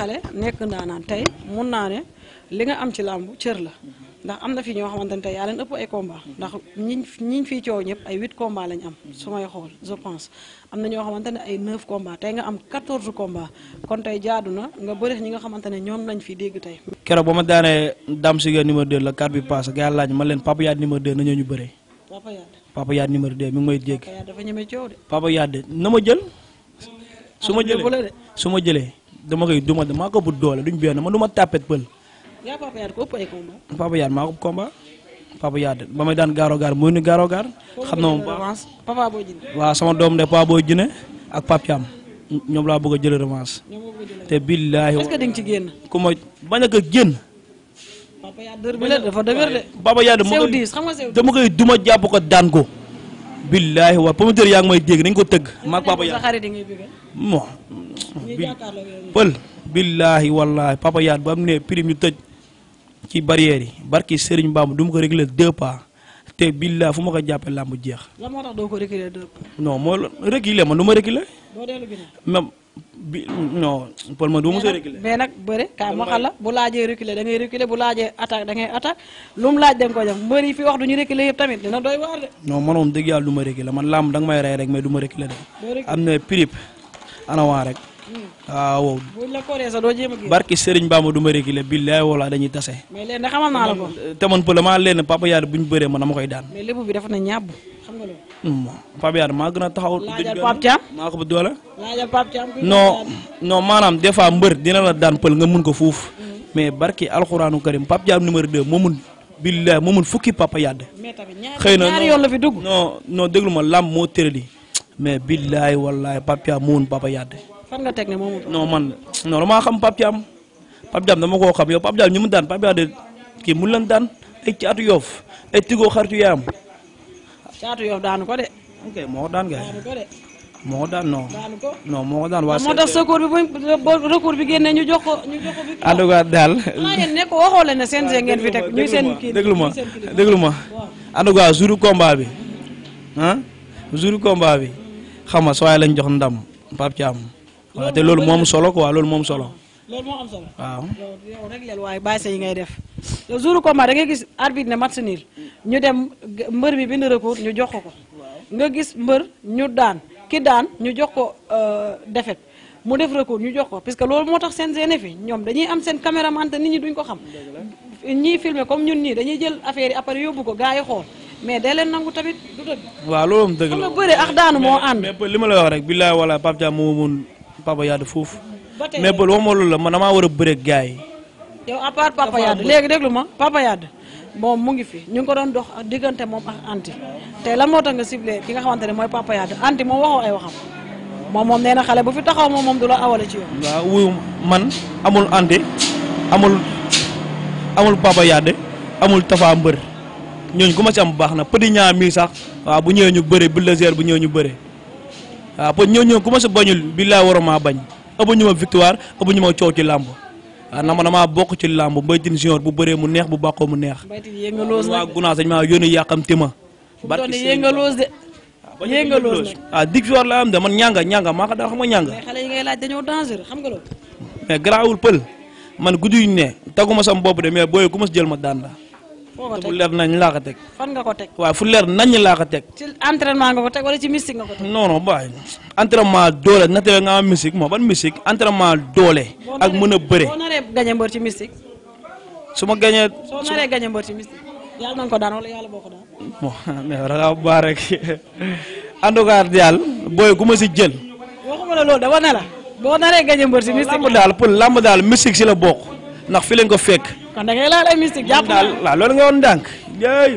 xale nekk ndaanaan tey mun naa ne li nga am ci làmb cër la ndax am na fi ñoo xamante ne tey yaa leen ëpp ay combat ndax ñiñ ñiñ coow ñëpp ay huit combat lañ am su may xool pense am na ñoo xamante ne ay neuf combat tey nga am quatorze combat kon tey jaadu na nga bëri ñi nga xamante ne ñoom lañ fii dégg tey keroog ba ma daanee Dame Siga numéro 2 la carte bi passé gaa laaj ma leen Papa Yade numéro 2 nañoo ñu bëree Papa Yade Papa Yade numéro 2 mi ngi may dégg Papa Yade dafa ñeme coow de na ma jël su ma jëlee su ma jëlee dama koy duma damaa ko bu doole duñ benn man ma tàppet pël. yaa Papa Yade ko ëpp ay maa ko ëpp combat ba may daan gaaroo gaar mooy ni gaaroo xam na moom balance. Papa sama doom de Papa Boy Djiné ak ñoom laa bëgg a jël revanche. te billaahi. est ma a ko génn. Papa Yade dër bi la dafa dëgër dama koy duma jàpp ko daan ko. billaahi wa promoteur yaa ngi may dégg nañ ko tëgg. maag papa yaat bon. pël billaahi wallaahi papa yaat ba am ne prime ñu tëj ci barrière yi barki Serigne Bamba du ma ko réglé deux te billaahi fu ma ko jàppee làmb jeex. lan moo tax doo ko réglé deux pas. ma réglé. doo bi non Paul man du ma mos a reculer. mais nag bëri kaay ma xam la bu laajee reculer da ngay reculer bu laajee attaque da ngay attaque laaj da nga ko def mbër yi fi wax du ñu reculer yëpp tamit dina doy waar de. non man yàlla ma reculer man làmb da may rey rek ma reculer de. am na prip ana waa rek. Hmm. waaw. buñ la koree a gis. barki Serigne du ma reculer billaay wala dañuy tase. mais léegi nag xamal naa la ko. te man Paul maa leen papa yàlla buñ bëree man dama koy daan. Pape Yade maa gën a taxaw. laajal Pape Thiam maa ko bu doole. laajal Pape maanaam des fois mbër dina la daan pël nga mun ko fuuf. mais barki alxuraanu karim Pape Thiam numéro 2 moo mun. billaay moo mun fukki Papa Yade. xëy na ñaari la fi dugg. noo non déglu ma lam moo tërali. mais billaay wallaay Pape Thiam moo mun Papa Yade. fan nga teg moo mun man non damaa xam Pape Thiam. Pape Thiam dama koo xam yow Pape Thiam ñu mu daan Pape kii mu lan daan ay caatu yoof ay tigoo xaritu yaayam caatu Yoff daanu ko de. moo daan kay. daanu moo daan non. moo daan waa. moo tax secours bi buñ recours bi génnee ñu jox ko ñu jox ko. en daal. nekk waxoo leen ne CNG ngeen fi teg ñu seen kii déglu ma déglu ma en tout cas bi ah jour combat bi xam nga soo lañ jox ndam Pape Thiam. te loolu moom solo quoi loolu moom solo. loolu moo am solo. waaw yow rek leel waaye bàyyi sa yi ngay def yow jour combat da ngay gis arbitre ne match nul ñu dem mbër mi bind recours ñu jox ko ko. nga gis mbër ñu daan ki daan ñu jox ko euh, defet mu def recours ñu jox ko parce que loolu moo tax seen gêne fi ñoom dañuy am seen caméraman te nit ñi duñ ko xam. ñii filmer comme ñun ñii dañuy jël affaire yi après yóbbu ko gaa yi xool. mais day leen nangu tamit du dëgg. waaw loolu moom dëgg la bëre ak daanu moo ànd. mais li ma la wax rek billaay wala Pape Dia moo mun Papa foofu. mais Beul waxuma loolu la man damaa war a bëreeg gars yi. yow à part Papa léegi déglu ma Papa Yade moom mu ngi fi ñu ngi ko doon dox ak diggante moom ak anti tey lan moo tax nga ciblé ki nga xamante ne mooy Papa Yade anti moom waxoo ay moom moom na xale bu fi taxaw moom moom du la man amul anti amul amul Papa Yade amul Tafa Mbër ñooñu ku ma ci am baax na petit ñaar mii sax waaw bu ñëwee ñu bëre bulldozer bu ñëwee ñu bëre waaw peut ñooñu ku ma si bañul bi laa war a maa bañ. ëpp ñu ma victoire ëpp ñu ma coow ci làmb waaw ah, na ma bokk ci làmb Mbaye Tine Junior bu bëree mu neex bu bàkkoo mu neex waa gunaas dañ maa yónni yàqamti ma barki yëngaloos de ah, yëngaloos waaw ah, dig victoire la am de man ñanga ñanga maa ko daan xam nga ñanga xale yi ngay laaj dañoo danger xam nga loolu mais garaawul pël man guddi ñu ne taguma sama bopp de mais booy ku mas jël ma daan la foo ko teg te bu leer nañ laa a teg. fan nga ko teg. waaw fu leer nañ laa ko teg. ci entraînement nga a teg wala ci mystique nga ko teg. non non baay entraînement doole a tewee nga am mystique moom ban mystique entraînement doole. ak mën a bëre boo naree gañe mbër ci mystique. su ma gañee. gañe mbër ci mystique. yàlla na ko daan booy ku si jël. waxuma la boo naree gañe mbër ci mystique. lamb daal pour lamb daal mystique si la bokk ndax fi ko fekk. kon da ngay laal ay mystique jàpp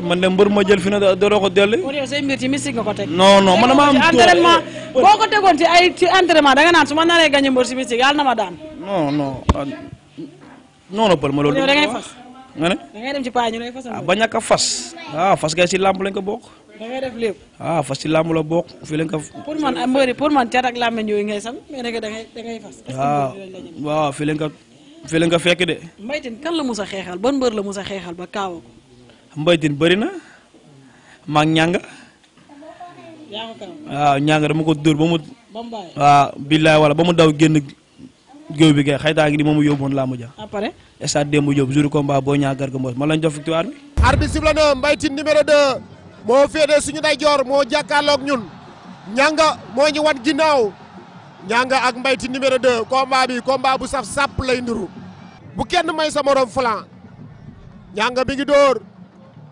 man de mbër ma jël fi na doo ko dellu kon yow say ko teg non non man a am entraînement da nga naan su ma naree gañe mbër ci mystique yàlla na ma daan non non non non pël ma loolu da ngay fas nga ne da dem ci paa ñu lay fas ah, ba ñàkk fas ah, fas kay ci làmb lañ ko bok da ngay def lépp ah, fas ci làmb la bokk fii lañ ko pour man mbëri pour man cat ak làmb yooyu ngay sam mais da ngay da ngay fas waaw waaw fii lañ ko fi la nga fekk de. mbaytin kan la mus a xeexal ban mbër la mus a xeexal ba kaawa ko. mbaytin bëri na maag ñànga. waaw ñànga dama ko dóor ba mu. waaw billaay wala ba mu daw génn géew bi kay xaytaa ngi di moomu yóbboon laa mu ja. après stade Demba Diop jour combat boo ñaa Garga Mbossé man lañ jox victoire bi. arbitre sifflé na mbaytin numéro 2 moo féetee suñu day joor moo jàkkaarloog ñun ñànga moo ñu wan ginnaaw. ñanga ak mbayti numéro 2 combat bi combat bu saf sàpp lay nduru bu kenn may sa morom flan ñanga mi ngi dóor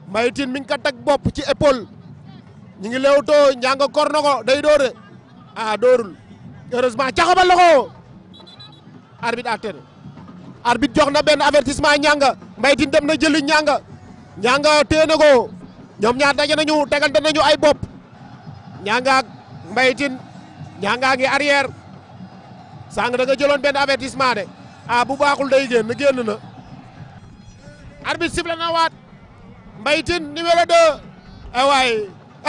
mbaytin mi ngi ko teg bopp ci épaule ñu ngi leewtoo ñanga kor na ko day dóore ah dóorul heureusement ko arbitre atten arbitre jox na benn avertissement ñanga mbaytin dem na jëli ñanga ñanga téye ko ñoom ñaar daje nañu tegante ay bopp ñanga ak mbaytin ñanga ngi arrière sàng da nga jëloon benn avertissement de ah bu baaxul day génn génn na. arbitre sifflé na waat Mbaye Tine numéro 2 eh waaye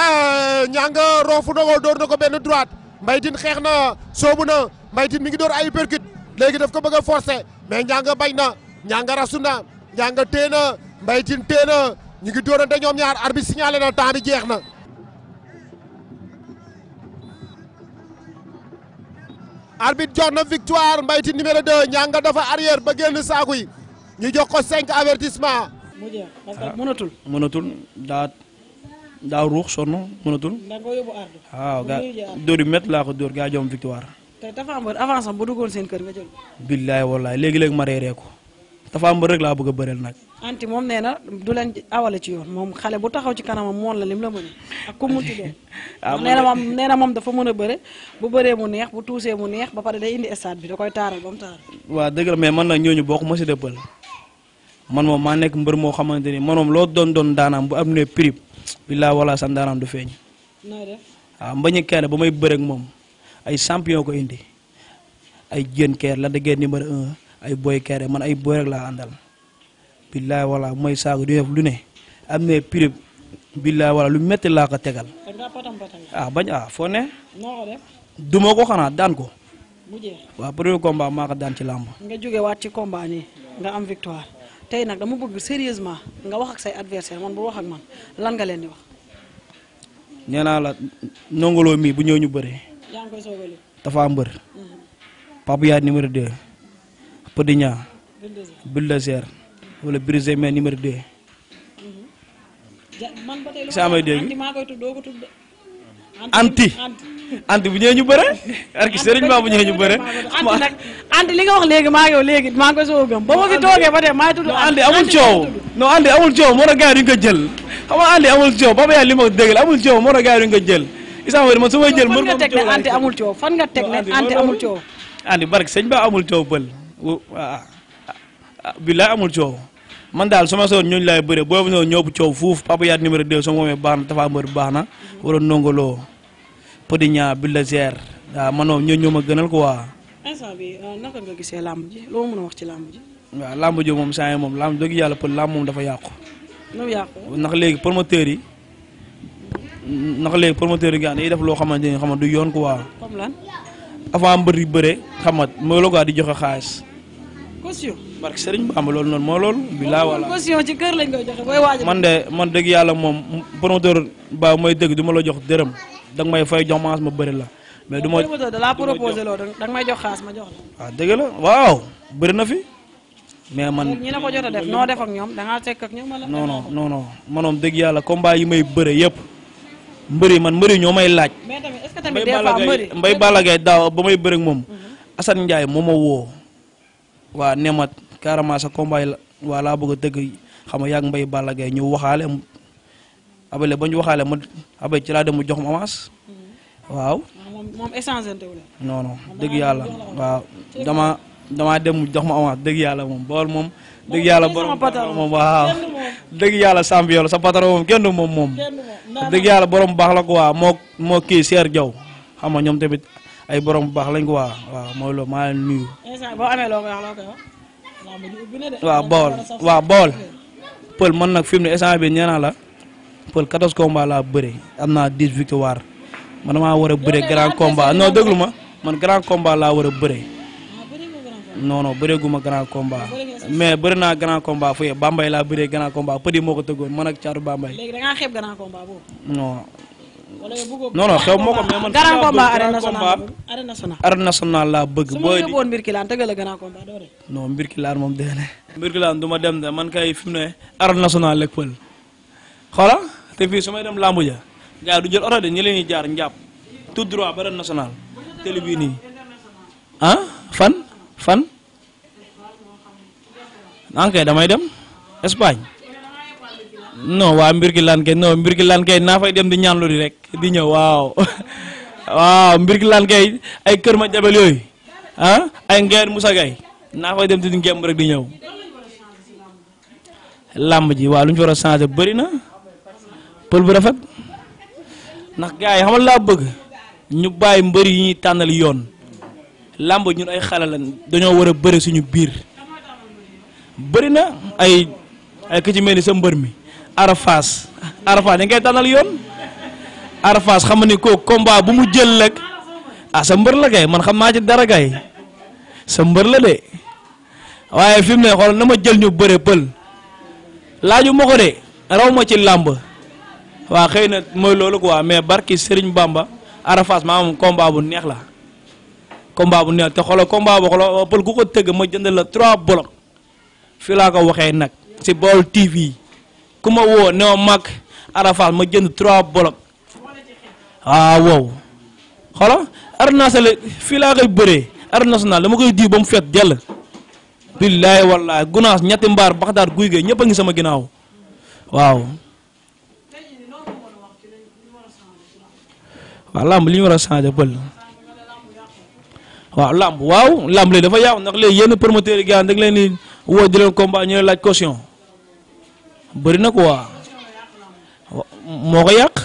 eh, ñàng roofu na door na ko benn droite Mbaye Tine xeex na soobu na Mbaye Tine mi ngi door ay percute léegi daf ko bëgg a forcer mais ñàng bañ na ñàng rasu na ñàng téye na Mbaye Tine téye na ñu ngi doorante ñoom ñaar arbitre signalé na temps bi jeex na. arbitre jot na victoire mbayti numéro 2 ñanga dafa arriere ba génn saaku yi ñu jox ko 5 avertissement. mënatul. mënatul daa ruux sonn mënatul. ndax nga yóbbu waaw gaa dóor yu métti laa ko dóor gaa jom victoire. te dafa am bu duggoon seen kër nga jël. léegi léegi ma reeree ko. dafa mbër rek laa bëgg a bëreel nag. anti moom nee na du leen awale ci yoon moom xale bu taxaw ci kanamam moon la lim la mën ak ku mu tuddee. ah nee na moom nee na moom dafa mën a bëre bu bëree mu neex bu tuusee mu neex ba pare day indi stade bi da koy taaral ba mu taaral. waaw dëgg la ñooñu bokk ma si dëppal man moom maa nekk mbër moo xamante ni man moom loo doon doon daanaam bu am ne prix billaa wala san daanaam du feeñ. nooy def waaw ah, ba may bëreeg moom ay champion ko indi ay jën keer la da ngeen numéro un ay boy kere man ay boy rek laa àndal billaay wala mooy saago di def lu ne am ne prix billaay wala lu metti laa ko tegal ah bañ ah foo ne duma ko xanaa daan ko waaw premier combat maa ko daan ci làmb nga jóge waat ci combat nii nga am victoire tey nag dama bëgg sérieusement nga wax ak say adversaire man bu wax man lan nga leen di wax nee naa la nongoloo mii bu ñëw ñu bëree yaa ngi koy dafa mbër mm-hmm. Pape Yaay numéro Podigna bulldozer wala brisé mais numéro 2. saa may dégg anti anti bu ñëwee ñu bëre. arki sëriñ ba bu ñëwee ñu bëre. anti nag anti li nga wax léegi maa ngi yow léegi maa ngi koy soog a gëm ba ma fi toogee ba tey maa ngi tudd anti amul coow non anti amul coow moo tax gars yi duñ ko jël xam nga anti amul coow ba ba yàlla li ma dégg amul coow moo tax gars jël. isa man su may jël mën nga teg ne anti amul coow fan nga teg ne anti amul coow. anti barke sëñ ba amul coow bël. Ah, ah, ah, billaay amul coow man daal su ma soon ñooñu laay bëre boobu noonu ñoo bu coow fuuf Papa Yade numéro 2 soo moomee baax na Tapha Mbeur baax na wala nongoloo Podigna Bulldozer waaw ñoo ma gënal quoi. instant bi euh, naka nga gisee a wax ci làmb ji. waaw moom saa moom làmb dëgg yàlla pour làmb moom dafa yàqu. dafa ndax léegi promoteurs yi nax léegi promoteurs yi nga xam def loo xamante ne xam du yoon quoi. comme lan avant mbër yi bëre xam nga mooy di joxe xaalis. caution barke Serigne Bamba loolu noonu moo loolu. bilaa wala man de man dëgg yàlla moom promoteur ba mooy dëgg duma la jox dërëm danga may fay jox ma bëri la. mais du ma promoteur da laa proposé xaas ma jox la. waaw ah, dëgg la na fi. mais man ñi la ko jot a def noo def ak ñoom da ngaa tekk ak ñoom wala. dëgg yàlla combat yi may bëre yëpp. mbëri man mbëri ñoo may laaj. mais tamit est-ce mbay Balla Gaye daaw ba may bëre ak moom. Assane Ndiaye moo ma woo. waa ne ma carrément sa combat yi waa laa bëgg a dëgg xam nga yàgg mbay Balla Gaye ñu waxaale abale ba ñu waxaale ma abay ci laa dem mu jox ma avance mm-hmm. waaw. Ah, moom ah, dëgg yàlla waaw dama damaa dem mu jox ma avance dëgg yàlla moom bool moom. dëgg yàlla borom moom dëgg yàlla sàmm yow sa patron moom dëgg yàlla borom baax la ko waa moo kii Seer Jaw xam nga ñoom tamit. ay borom bu baax lañ ko waa waaw mooy loolu maa leen nuyu. boo amee loo koy pël man nag fi mu ne instant bi ñeenaa la pël 14 combats laa bëre am naa 10 victoire man maa war a bëre grand combat non déglu ma man grand combat laa war a bëre. Ah, non non bëree gu ma grand combat mais naa grand combat fu yee Bambey laa bëree grand combat pëdi moo ko tëggoon man ak Thiatou Bambey. léegi non non xew moo ko mais man. grand combat arène nationale arène laa bëgg. booy di su ma Mbirkilaan tëggal la grand combat doo rek. Mbirkilaan moom dee Mbirkilaan du dem de man kay fi mu ne arène nationale lek pël xoola te fii su may dem làmbu ja gars du jël oto de ñi leen di jaar njàpp tout droit ba arène nationale télé bii ah fan fan. en ah, damay dem Espagne. non waa mbir gi lan kay non mbir gi lan kay naa fay dem di ñaanlu di rek di ñëw waaw waaw mbir gi lan kay ay kër ma jabel yooyu ah, ay ngeer Moussa Gaye naa fay dem di ngemb rek di ñëw làmb ji waaw lu ñu war a changé bëri na pël bu rafet ndax gars yi xamal laa bëgg ñu bàyyi mbër yi ñuy tànnal yoon làmb ñun ay xale lañ dañoo war a bëri suñu biir bëri na ay ay ci mel ni sa mbër mi Arafaas Arafaas dañ koy tànnal yoon Arafaas xam nga ni kooku combat bu mu jël rek ah sa mbër la kay man xam naa ci dara kay sa mbër la de waaye fi mu ne xool na ma jël ñu bëre pël laaju ma ko de raw ci làmb waa xëy na mooy loolu quoi mais barki Serigne Bamba Arafaas maa moom combat bu neex la combat bu neex te xoolal combat boo xoolal pël ku ko tëgg ma jënd la trois blocs fii laa ko waxee nag si Baol TV. ku ma woo ne ma mag arafal ma jënd trois bolok waaw ah, wow xolo arnasale fii laa koy bëree arène nationale dama koy diw ba mu fet jàll billaahi wallaahi gunaas ñetti mbaar baxdaar guy gay ñëpp a ngi sama ginnaaw waaw waaw làmb li ñu war a changé pël waaw làmb waaw làmb léegi dafa yaaw ndax léegi yenn promoteurs yi gars da nga leen di di leen combat ñu leen laaj caution bëri na quoi moo ko yàq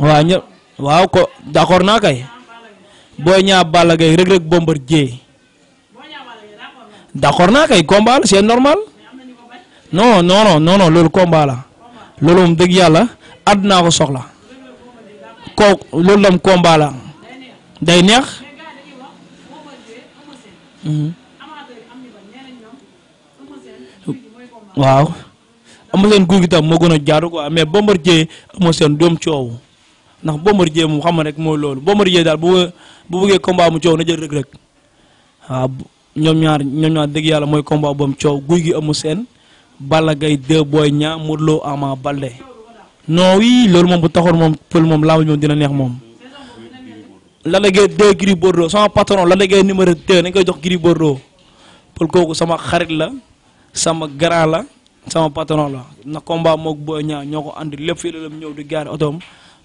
waaw ñë waaw ko d'accord naa kay Boy Niang Balla Gaye Reug Reug Bombardier d'accord naa kay combat la normal non non non loolu combat loolu moom dëgg yàlla àddunaa ko soxla kooku loolu lam combat day neex. Mhm. waaw ama seen guy gi tam moo gën a jaadu quoi mais Bombardier ama seen doom coow ndax Bombardier moom xam na rek mooy loolu Bombardier daal bu bu bëggee combat mu coow na jël Reug Reug waaw ñoom ñaar ñoom ñaar dëgg yàlla mooy combat boobu coow guy gi ama seen Balla Gaye 2 Boy Niang Modou Lo Ama Baldé non loolu moom bu taxoon moom pël moom laamu moom dina neex moom. Lac de Guiers 2 Gris Bordeaux sama patron Lac de Guiers numéro 2 nañ jox Gris Bordeaux pël kooku sama xarit la. sama grand la sama patron la na combat moog Boy Niang ñoo ko ànd lépp fii la mu ñëw di gaari otoom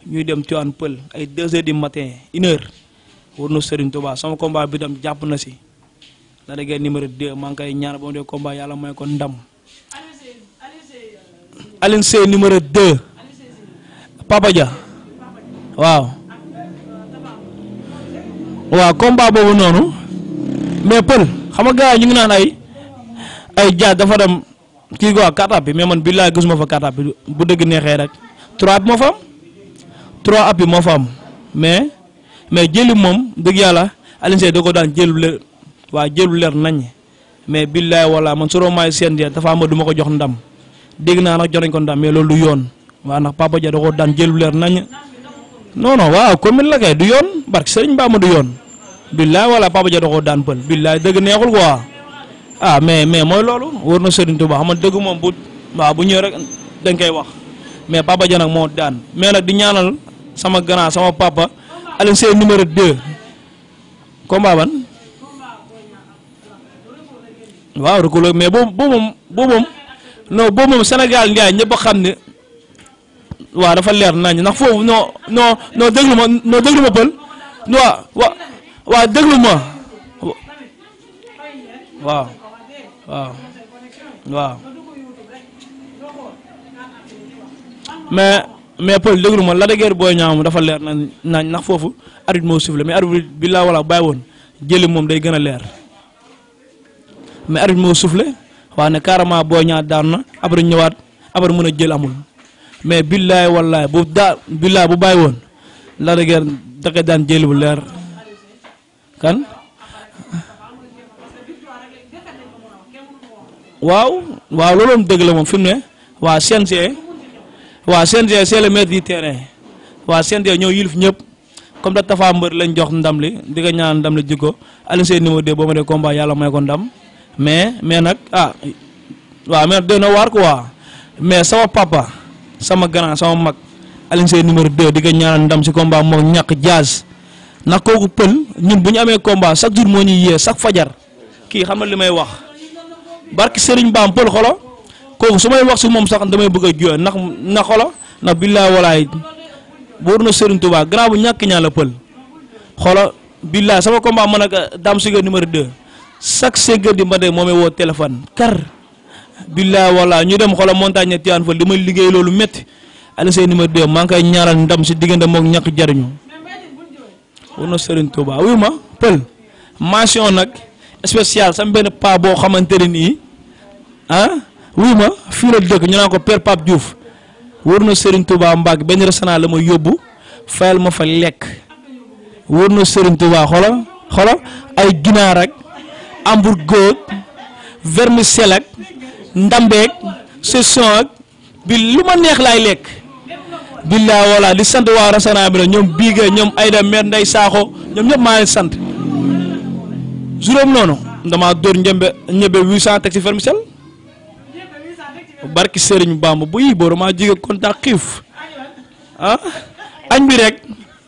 ñuy dem Tivaouane Peulh ay 2 heures du matin 1 heure war na sama combat bi tam jàpp na si la dëgg numéro 2 maa ngi koy ñaan ba mu dee combat yàlla may ko ndam. Alioune Seye numéro 2 Papa Dia waaw waaw combat boobu noonu mais Peulh xam nga yi ñu ngi naan ay. ay jaaj dafa dem kii quoi carte d'appui mais man billaay gisuma fa carte d'appui bu dëgg neexee rek trois appui moo fa am trois am mais mais jëli moom dëgg yàlla Alioune Seye da ko daan jël leer waa jëlu leer nañ mais billaay wala man su may seen dafa am du ma ko jox ndam dégg naa nag jox nañ ko ndam mais loolu du yoon waa ndax Papa Dia da ko daan jëlu leer nañ non non waaw commune la kay du yoon barke Sëriñ Bamba du yoon billaay wala Papa Dia da ko daan pël billaay dëgg neexul quoi. ah mais mais mooy loolu war na Serigne Touba xam nga dëgg moom bu waaw bu ñëw rek dañ koy wax mais Papa Dia nag moo daan mais nag di ñaanal sama grand sama papa Alioune Seye numéro 2 combat ban waaw reculer mais boobu boobu moom boobu moom non boobu moom Sénégal Ndiaye ñëpp a xam ne waaw dafa leer nañ ndax foofu non non ma non déglu ma pël waaw waaw déglu ma waaw. waaw mais mais Paul déglu ma la dëgër booy ñaaw dafa leer na nañ ndax foofu arbitre moo sifflé mais arbitre bi laa wala bàyyi woon jëli moom day gën a leer mais arbitre moo sifflé waaye ne carrément booy ñaaw daan na après ñëwaat après mën a jël amul mais billaay wallaay bu daa billaay bu bàyyi woon la dëgër daan jëli bu leer kan. waaw waaw loolu dëgg la moom fi mu ne waa CNG waa CNG c'est le maître du terrain waa CNG ñoo yilif ñëpp comme da Tafa Mbër lañ jox ndam li di nga ñaan ndam li jikko Alioune Seye numéro 2 boo ma dee yàlla may ko ndam mais mais nag ah waaw mais doy na waar quoi mais sama papa sama grand sama mag Alioune Seye numéro 2 di nga ñaanal ndam si combat moom ñàkk jaaz ndax kooku pël ñun bu ñu amee combat chaque jour moo ñuy yee chaque fajar kii xam na li may wax. barki Serigne Bam pël xolo kooku su may wax si moom sax damay bëgg a jooy ndax na xolo ndax billaay walaay wóor na Serigne Touba grand bu ñàkk ñaa la pël xolo billaay sama combat man ak euh, Dame Siga numéro 2 chaque seconde ma de moomee woo téléphone kar billaay walaay ñu dem xolo montagne ne Tivaouane Peulh may liggéey loolu métti Alioune Seye numéro 2 maa ngi koy ñaaral si diggante mook ñàkk jariñu na Serigne Touba wuyu ma pël mention nag. spécial sama benn paa boo xamante ne nii ah wuy ma fii la dëkk ñu naan ko Père Pape Diouf wóor na sëriñ tubaa Mbacke benn restaurant la ma yóbbu fayal ma fa lekk wër na sëriñ Touba xoolal xoolal ay ginaar ak hamburger vermicelle ak ndambeeg session ak bi lu ma neex laay lekk. billaa wala di sant waa restaurant bi la ñoom Biige ñoom Ayda Mer Ndey Saaxo ñoom ñëpp maa leen sant. juróom noonu damaa dóor njëmbe ñebe 800 teg ci fermicel barki Serigne Bamba bu yii booru maa jige contact xiif ah, añ bi rek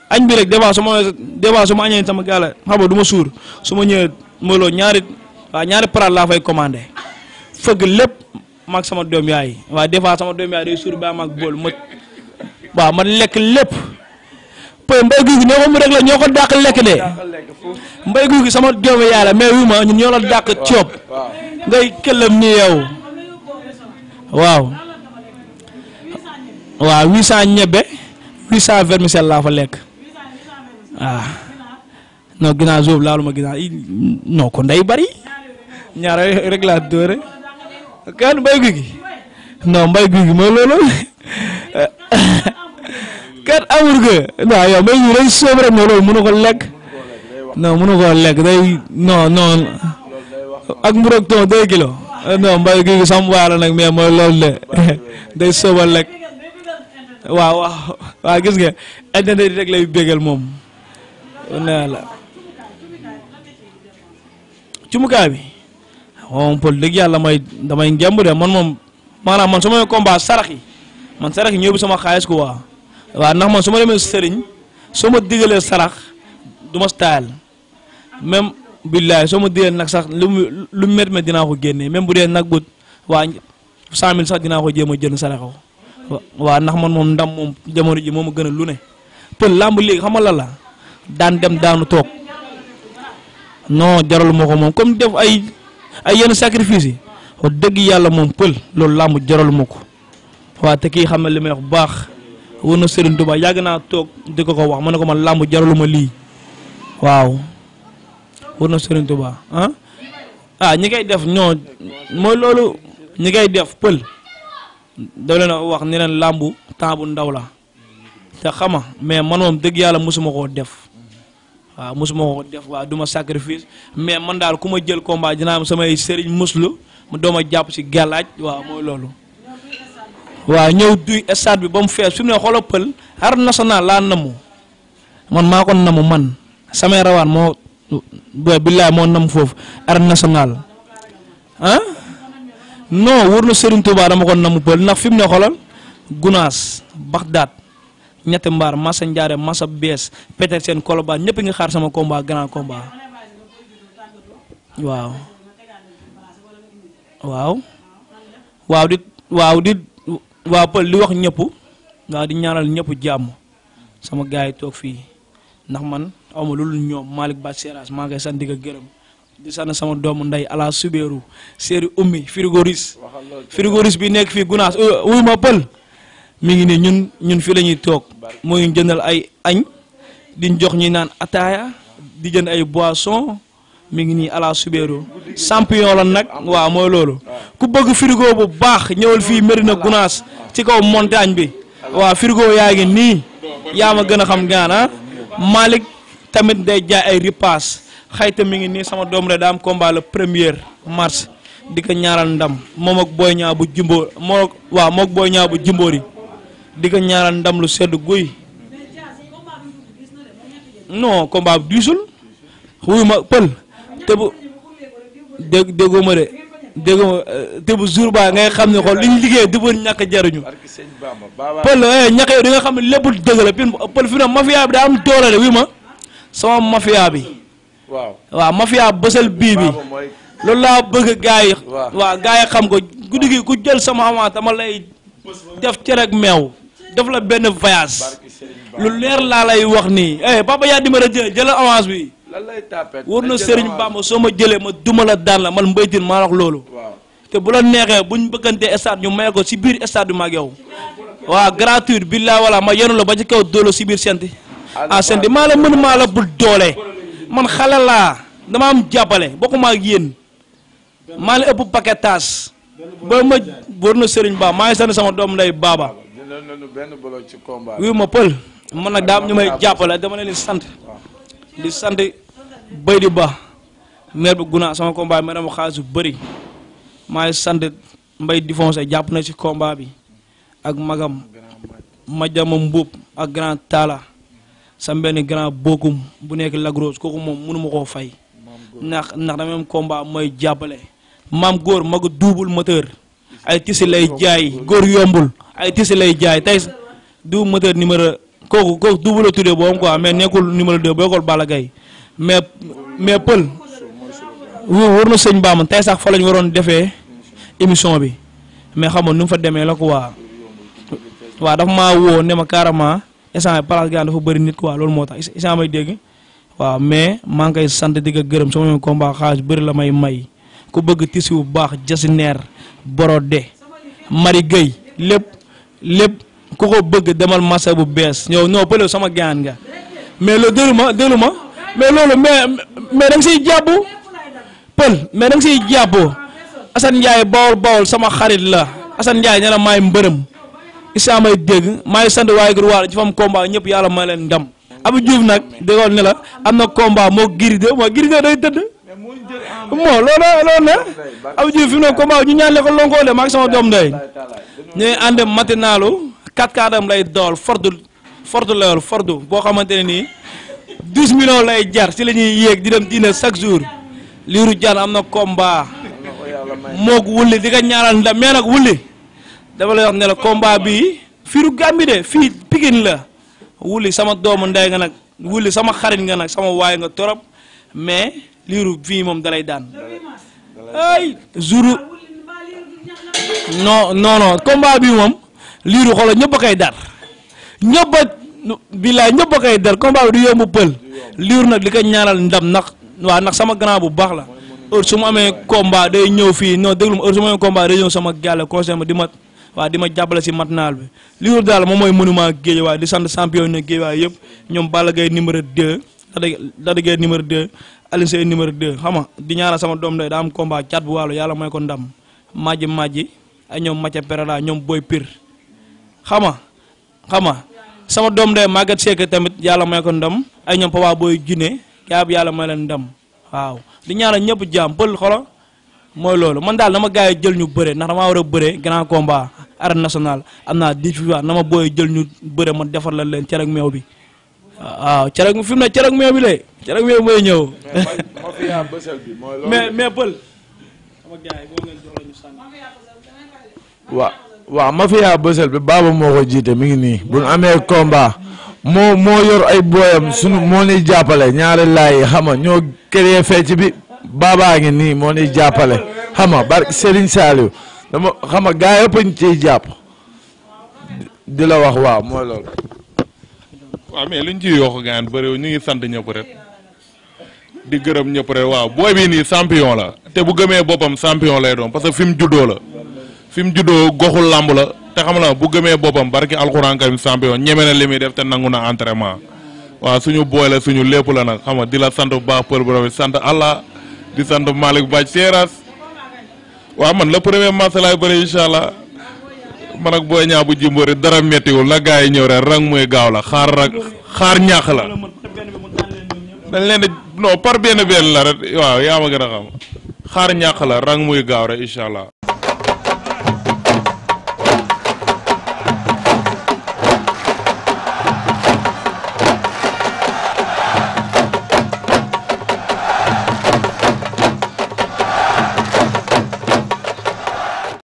añ bi rek des su ma añee sama gaale xam nga suur su ma ñëwee mbooloo ñaari waaw ñaari paraat laa fay commandé fëgg lépp maag sama doom yaay waaye des fois sama doom yaay day suur ba maag bool ma waaw man lekk lépp. mbay guy gi ñoo ko mu rek ñoo ko dàq lekk de mbay guy gi sama doomu yàlla mais wu ma ñoo la dàq coob ngay këllam ni yow waaw waaw 800 ñebe 800 vermicelle laa fa lekk waaw ah. non ginnaaw zoob laalu ma ginnaaw ko nday bari ñaar rek laa dóore mbay guy gi non mbay guy gi mooy loolu kat amul nga waaw yow bay ñu day sóob rek ne loolu mënu ko lekk non mënu ko lekk day non non ak mburoog ton deux kilos non mbay gi nag mais mooy loolu de day sóoba lekk waaw waaw gis nga internet rek lay bégal moom nee la cumukaa bi moom pël dëgg yàlla may damay njàmb de man moom maanaam man su may combat man sarax yi ñëw bi sama xaalis waaw ndax man su ma demee sëriñ soo ma digalee sarax du ma taayal même billaay soo ma digalee nag sax lu mu lu mu met dinaa ko génnee même bu dee nag bu waa cent mille sax dinaa ko jéem a jënd sarax ko waaw ndax man moom ndam moom jamono ji moom ma gën a lu ne pël làmb léegi xam nga la la daan dem daanu toog non jaraluma ko moom comme def ay ay yenn sacrifice yi dëgg yàlla moom pël loolu làmb jaraluma ko waaw te kii xam ne li may wax bu baax wër na Serigne Touba yàgg naa toog di ko ko wax ma ne ko man làmb jaraluma lii waaw wër na Serigne Touba ah ah ñi kay def ñoo mooy loolu ñi koy def pël da leen a wax ni leen làmb temps bu ndaw la te xama mais man moom dëgg yàlla mosuma koo def waaw mosuma koo def waa duma ma sacrifice mais man daal ku ma jël combat dinaa am samay sëriñ muslu mu dooma jàpp si gàllaaj waaw mooy loolu waaw ñëw duy stade bi ba mu fees fi mu ne xoolal pël ar national laa namu man maa ko namu man samay rawaan moo billaay moo nam foofu ar national ah non wóor na Serigne Touba dama ko namu pël ndax fi mu ne xoolal Gunaas Bagdad ñetti mbaar Massa Ndiare Massa Bees seen Colobane ñëpp ngi xaar sama combat grand combat waaw waaw di waaw di waaw pël li wax ñëpp waaw di ñaanal ñëpp jàmm sama gars yi toog fii ndax man awma loolu ñoom Malick Ba Seras maa ngi koy sant di gërëm di sant sama doomu ndey ala subeeru séeri ummi frigoris frigoris bi nekk fii gunaas euh, wuyu ma pël mi ngi nii ñun ñun fii la ñuy toog mooy jëndal ay añ di jox ñi naan ataaya di jënd ay boisson mi ngi nii ala subeero champion la nag waaw mooy loolu ku bëgg frigo bu baax ñëwal fii Médina Gounass ci kaw montagne bi waa frigo yaa ngi nii yaa ma gën a xam gaana ah. Malick tamit day jaay ay ripaas xayta mi ngi nii sama doom rek daa am combat premier mars di ñaaral ndam moom ak booy ñaa bu jumbo moo waaw di ko ñaaral ndam lu sedd guy non combat bu diisul wuyu ma pël te bu dégg déggoo ma de dégg nga euh, te bu jour ba ngay xam ne xool li liggéey du bëri ñàkk jaruñu pël eh, ñàkk yow di xam ne lépp dëgg la pin pël fi na mafia bi daa am doole de wi ma sama mafia bi waaw waaw mafia bësal bii bi loolu laa bëgg gars yi waaw gars xam ko guddi gi ku jël sama avant dama lay def cere ak meew def la benn voyage lu leer laa lay wax nii eh papa yaa di ma jël jëlal avance bi lan lay tàppet wóor na Serigne Bamba soo ma jëlee ma duma la daan la man Mbaye Tine maa wax loolu. te bu la neexee buñ bëggantee stade ñu maye ko si biir stade bi ak yow. bi laa ma yenu la ba ci kaw doole si biir senti ah, ah senti maa la mën maa la bul doole man xale laa dama am jàppale bokkuma ak yéen maa la ëpp paquetage ba ma wóor na sëriñ baa maa ngi sant sama doom nday baaba wiw ma pël man nag daam ñu may jàppale dama leen sant di sant bay di ba maire bu Guna sama combat bi ma dama xaalis bu bëri maay sant mbay difoncé jàpp na si komba bi ak magam Madiama Mbuub ak grand Talla sa benn grand bokkum bu nekk Lagrosse kooku moom mënu ma koo fay ndax ndax dama am mooy jàppale maam góor magu duubul moteur ay tisi lay jaay góor yombul ay tisi lay jaay tey duubul moteur numéro kooku kooku double la tuddee boobu quoi mais nekkul numéro 2 booy xool Balla Gaye mais mais pël wóor na sëñ Ba man tey sax fa la ñu waroon defee émission bi mais xam nga nu mu fa demee la ko waaw dafa maa woo ne ma carrément instant place gaan dafa bari nit quoi loolu moo tax instant may dégg waaw mais maa ngi koy sant di ko gërëm sama yoon combat xaalis bëri la may may ku bëgg tissu bu baax jasineer borode Marie Gueye lépp lépp. ku ko bëgg demal marché bu bees ñëw non pële sama gaan nga mais loolu déglu ma déglu ma mais loolu mais mais da nga siy jàpp pël mais da nga siy jàpp Assane Ndiaye bawol bawol sama xarit la Assane Ndiaye ne la maay mbërëm Issa may dégg maay sant waaye gër waa ci fam combat ñëpp yàlla may leen ndam Abdou Diouf nag déggoon ne la am na combat moo giri de moo giri day tëdd moo loolu loolu ne Abdou ne combat ñu ñaan le ko lonkoo de maag sama doom day ñooy ànd matinalu 4x4 am lay dawal Ford Ford la yor Ford boo xamante ne nii 12 millions lay jar si la ñuy yéeg di dem dina chaque jour liiru jaan am na combat moog wulli di ko ñaanal ndam mais nag wulli dafa lay wax ne la combat bii fiiru Gàmbi de fii Pikine la wulli sama doomu ndey nga nag wulli sama xarit nga nag sama waay nga torop mais liiru fii moom dalay daan ay jour non non non combat bi moom liiru xoolal ñëpp a koy dar ñëpp a billaay ñëpp koy dar combat bi du yomb pël liiru nag li ko ñaanal ndam ndax waaw ndax sama grand bu baax la heure su ma amee combat day ñëw fii no déglu ma heure su ma amee combat day ñëw sama gàlle conseil ma di ma waaw di ma jàppale si matnaal bi liiru daal moom mooy monument géej waaye di sant champion ne géej waaye yëpp ñoom Balla gay numéro 2 Lac Guiers numéro 2 Alioune Seye numéro 2 xam nga di ñaanal sama doom day daa am combat cat yàlla mooy ko ndam majji majji ay ñoom Mathia Perala ñoom Boy Pire xama xama sama doom de Maguette Seck tamit yàlla may ko ndam ay ñoom papa booy junne yaa bi yàlla may leen ndam waaw di ñaanal ñëpp jaam pël xolo mooy loolu man daal na ma gars yi jël ñu bëre ndax damaa war a bëre grand combat arène nationale am naa dix fois na ma booy jël ñu bëre ma defar la leen cere ak meew bi waaw cere ak fi mu ne cere ak meew bi mooy ñëw mais pël waaw mafia bësel bi baaba moo ko jiite mi ngi nii bu ñu amee combat moo moo yor ay booyam sunu moo ni jàppale ñaari laay xam nga ñoo créé fecc bi baabaa ngi nii moo ni jàppale xam nga barke Serigne dama xam nga gaa yëpp ñu ciy jàpp di la wax waaw mooy loolu. waaw mais luñ ciy yokk gaan bëriw ñu ngi sant ñëpp rek di gërëm ñëpp rek waaw booy nii champion la te bu gëmee boppam champion lay doon parce que fi mu juddoo la. fi mu juddoo goxul làmb la te xam la bu gëmee boppam barki alxuraan karim champion ñeme na li muy def te nangu na entraînement waaw suñu booy la suñu lépp la nag xam nga di la sant bu baax për bu rafet sant Allah di sant Malick Badj Seras waaw man le premier mars laay bëri incha allah man ak booy ñaa bu jimbóori dara méttiwul na gars yi ñëw rek rang muy gaaw la xaar rag xaar ñaax la dañ leen di par benn benn la rek waaw yaa ma gën a xam xaar ñaax la rang muy gaaw rek incha allah.